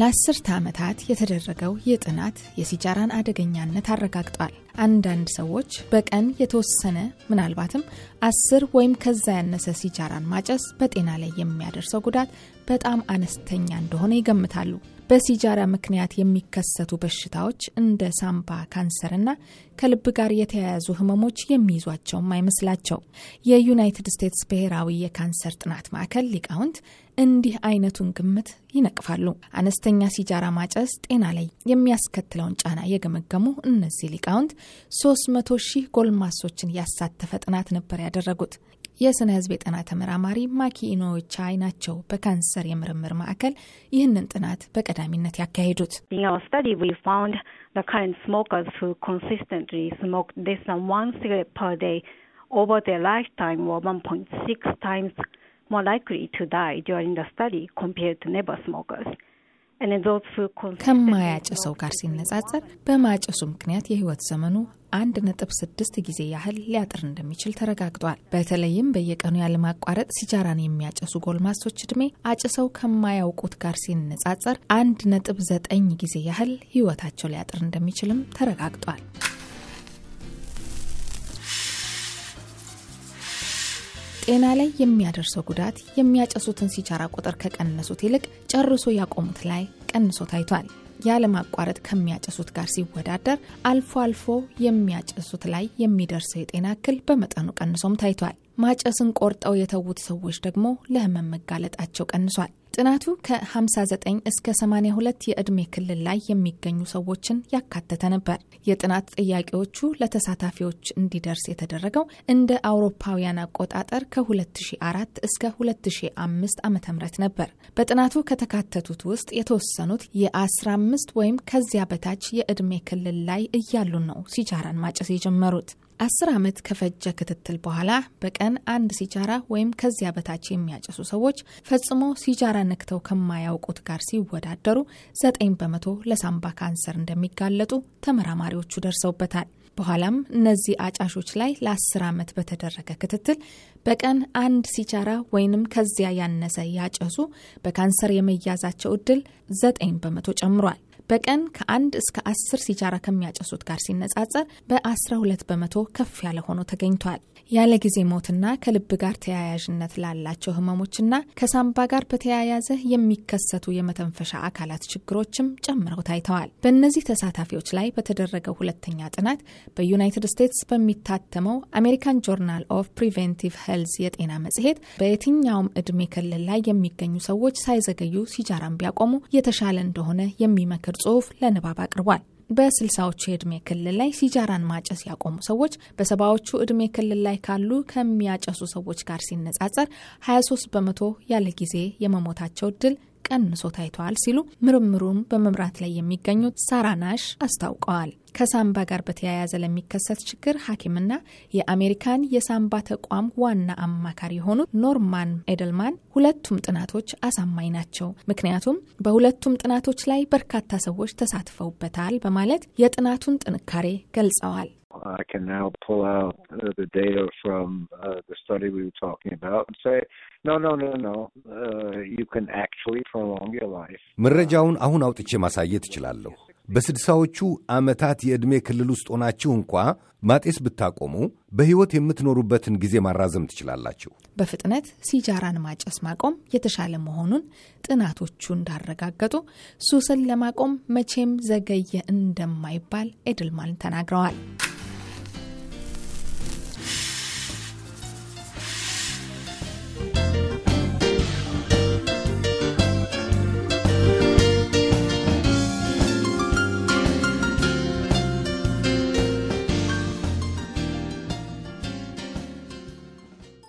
ለአስርተ ዓመታት የተደረገው ይህ ጥናት የሲጃራን አደገኛነት አረጋግጧል። አንዳንድ ሰዎች በቀን የተወሰነ ምናልባትም አስር ወይም ከዛ ያነሰ ሲጃራን ማጨስ በጤና ላይ የሚያደርሰው ጉዳት በጣም አነስተኛ እንደሆነ ይገምታሉ። በሲጃራ ምክንያት የሚከሰቱ በሽታዎች እንደ ሳምባ ካንሰርና ከልብ ጋር የተያያዙ ህመሞች የሚይዟቸውም አይመስላቸው። የዩናይትድ ስቴትስ ብሔራዊ የካንሰር ጥናት ማዕከል ሊቃውንት እንዲህ አይነቱን ግምት ይነቅፋሉ። አነስተኛ ሲጃራ ማጨስ ጤና ላይ የሚያስከትለውን ጫና የገመገሙ እነዚህ ሊቃውንት 300 ሺህ ጎልማሶችን ያሳተፈ ጥናት ነበር ያደረጉት። የስነ ህዝብ የጤና ተመራማሪ ማኪ ኢኖቻይ ናቸው በካንሰር የምርምር ማዕከል ይህንን ጥናት በቀዳሚነት ያካሄዱት። more likely to die during the study compared to never smokers. ከማያጨሰው ጋር ሲነጻጸር በማጨሱ ምክንያት የህይወት ዘመኑ አንድ ነጥብ ስድስት ጊዜ ያህል ሊያጥር እንደሚችል ተረጋግጧል። በተለይም በየቀኑ ያለማቋረጥ ሲጃራን የሚያጨሱ ጎልማሶች እድሜ አጭሰው ከማያውቁት ጋር ሲነጻጸር አንድ ነጥብ ዘጠኝ ጊዜ ያህል ህይወታቸው ሊያጥር እንደሚችልም ተረጋግጧል። ጤና ላይ የሚያደርሰው ጉዳት የሚያጨሱትን ሲጃራ ቁጥር ከቀነሱት ይልቅ ጨርሶ ያቆሙት ላይ ቀንሶ ታይቷል። ያለማቋረጥ ከሚያጨሱት ጋር ሲወዳደር አልፎ አልፎ የሚያጨሱት ላይ የሚደርሰው የጤና እክል በመጠኑ ቀንሶም ታይቷል። ማጨስን ቆርጠው የተዉት ሰዎች ደግሞ ለህመም መጋለጣቸው ቀንሷል። ጥናቱ ከ59 እስከ 82 የዕድሜ ክልል ላይ የሚገኙ ሰዎችን ያካተተ ነበር። የጥናት ጥያቄዎቹ ለተሳታፊዎች እንዲደርስ የተደረገው እንደ አውሮፓውያን አቆጣጠር ከ2004 እስከ 2005 ዓ.ም ነበር። በጥናቱ ከተካተቱት ውስጥ የተወሰኑት የ15 ወይም ከዚያ በታች የዕድሜ ክልል ላይ እያሉ ነው ሲጃራን ማጨስ የጀመሩት። አስር ዓመት ከፈጀ ክትትል በኋላ በቀን አንድ ሲጃራ ወይም ከዚያ በታች የሚያጨሱ ሰዎች ፈጽሞ ሲጃራ ነክተው ከማያውቁት ጋር ሲወዳደሩ ዘጠኝ በመቶ ለሳምባ ካንሰር እንደሚጋለጡ ተመራማሪዎቹ ደርሰውበታል። በኋላም እነዚህ አጫሾች ላይ ለአስር ዓመት በተደረገ ክትትል በቀን አንድ ሲጃራ ወይንም ከዚያ ያነሰ ያጨሱ በካንሰር የመያዛቸው እድል ዘጠኝ በመቶ ጨምሯል። በቀን ከአንድ እስከ አስር ሲጃራ ከሚያጨሱት ጋር ሲነጻጸር በ12 በመቶ ከፍ ያለ ሆኖ ተገኝቷል። ያለ ጊዜ ሞትና ከልብ ጋር ተያያዥነት ላላቸው ህመሞችና ከሳምባ ጋር በተያያዘ የሚከሰቱ የመተንፈሻ አካላት ችግሮችም ጨምረው ታይተዋል። በእነዚህ ተሳታፊዎች ላይ በተደረገው ሁለተኛ ጥናት በዩናይትድ ስቴትስ በሚታተመው አሜሪካን ጆርናል ኦፍ ፕሪቬንቲቭ ሄልዝ የጤና መጽሔት በየትኛውም እድሜ ክልል ላይ የሚገኙ ሰዎች ሳይዘገዩ ሲጃራም ቢያቆሙ የተሻለ እንደሆነ የሚመክር የሚዘክር ጽሑፍ ለንባብ አቅርቧል። በስልሳዎቹ የዕድሜ ክልል ላይ ሲጃራን ማጨስ ያቆሙ ሰዎች በሰባዎቹ ዕድሜ ክልል ላይ ካሉ ከሚያጨሱ ሰዎች ጋር ሲነጻጸር 23 በመቶ ያለ ጊዜ የመሞታቸው እድል ቀንሶ ታይተዋል ሲሉ ምርምሩን በመምራት ላይ የሚገኙት ሳራ ናሽ አስታውቀዋል። ከሳምባ ጋር በተያያዘ ለሚከሰት ችግር ሐኪምና የአሜሪካን የሳምባ ተቋም ዋና አማካሪ የሆኑት ኖርማን ኤደልማን ሁለቱም ጥናቶች አሳማኝ ናቸው፣ ምክንያቱም በሁለቱም ጥናቶች ላይ በርካታ ሰዎች ተሳትፈውበታል በማለት የጥናቱን ጥንካሬ ገልጸዋል። I can now pull out uh, the data from uh, the study we were talking about and say, no, no, no, no, uh, you can actually prolong your life. መረጃውን አሁን አውጥቼ ማሳየት እችላለሁ። በስድሳዎቹ ዓመታት የዕድሜ ክልል ውስጥ ሆናችሁ እንኳ ማጤስ ብታቆሙ በሕይወት የምትኖሩበትን ጊዜ ማራዘም ትችላላችሁ። በፍጥነት ሲጃራን ማጨስ ማቆም የተሻለ መሆኑን ጥናቶቹ እንዳረጋገጡ ሱስን ለማቆም መቼም ዘገየ እንደማይባል ኤድልማን ተናግረዋል።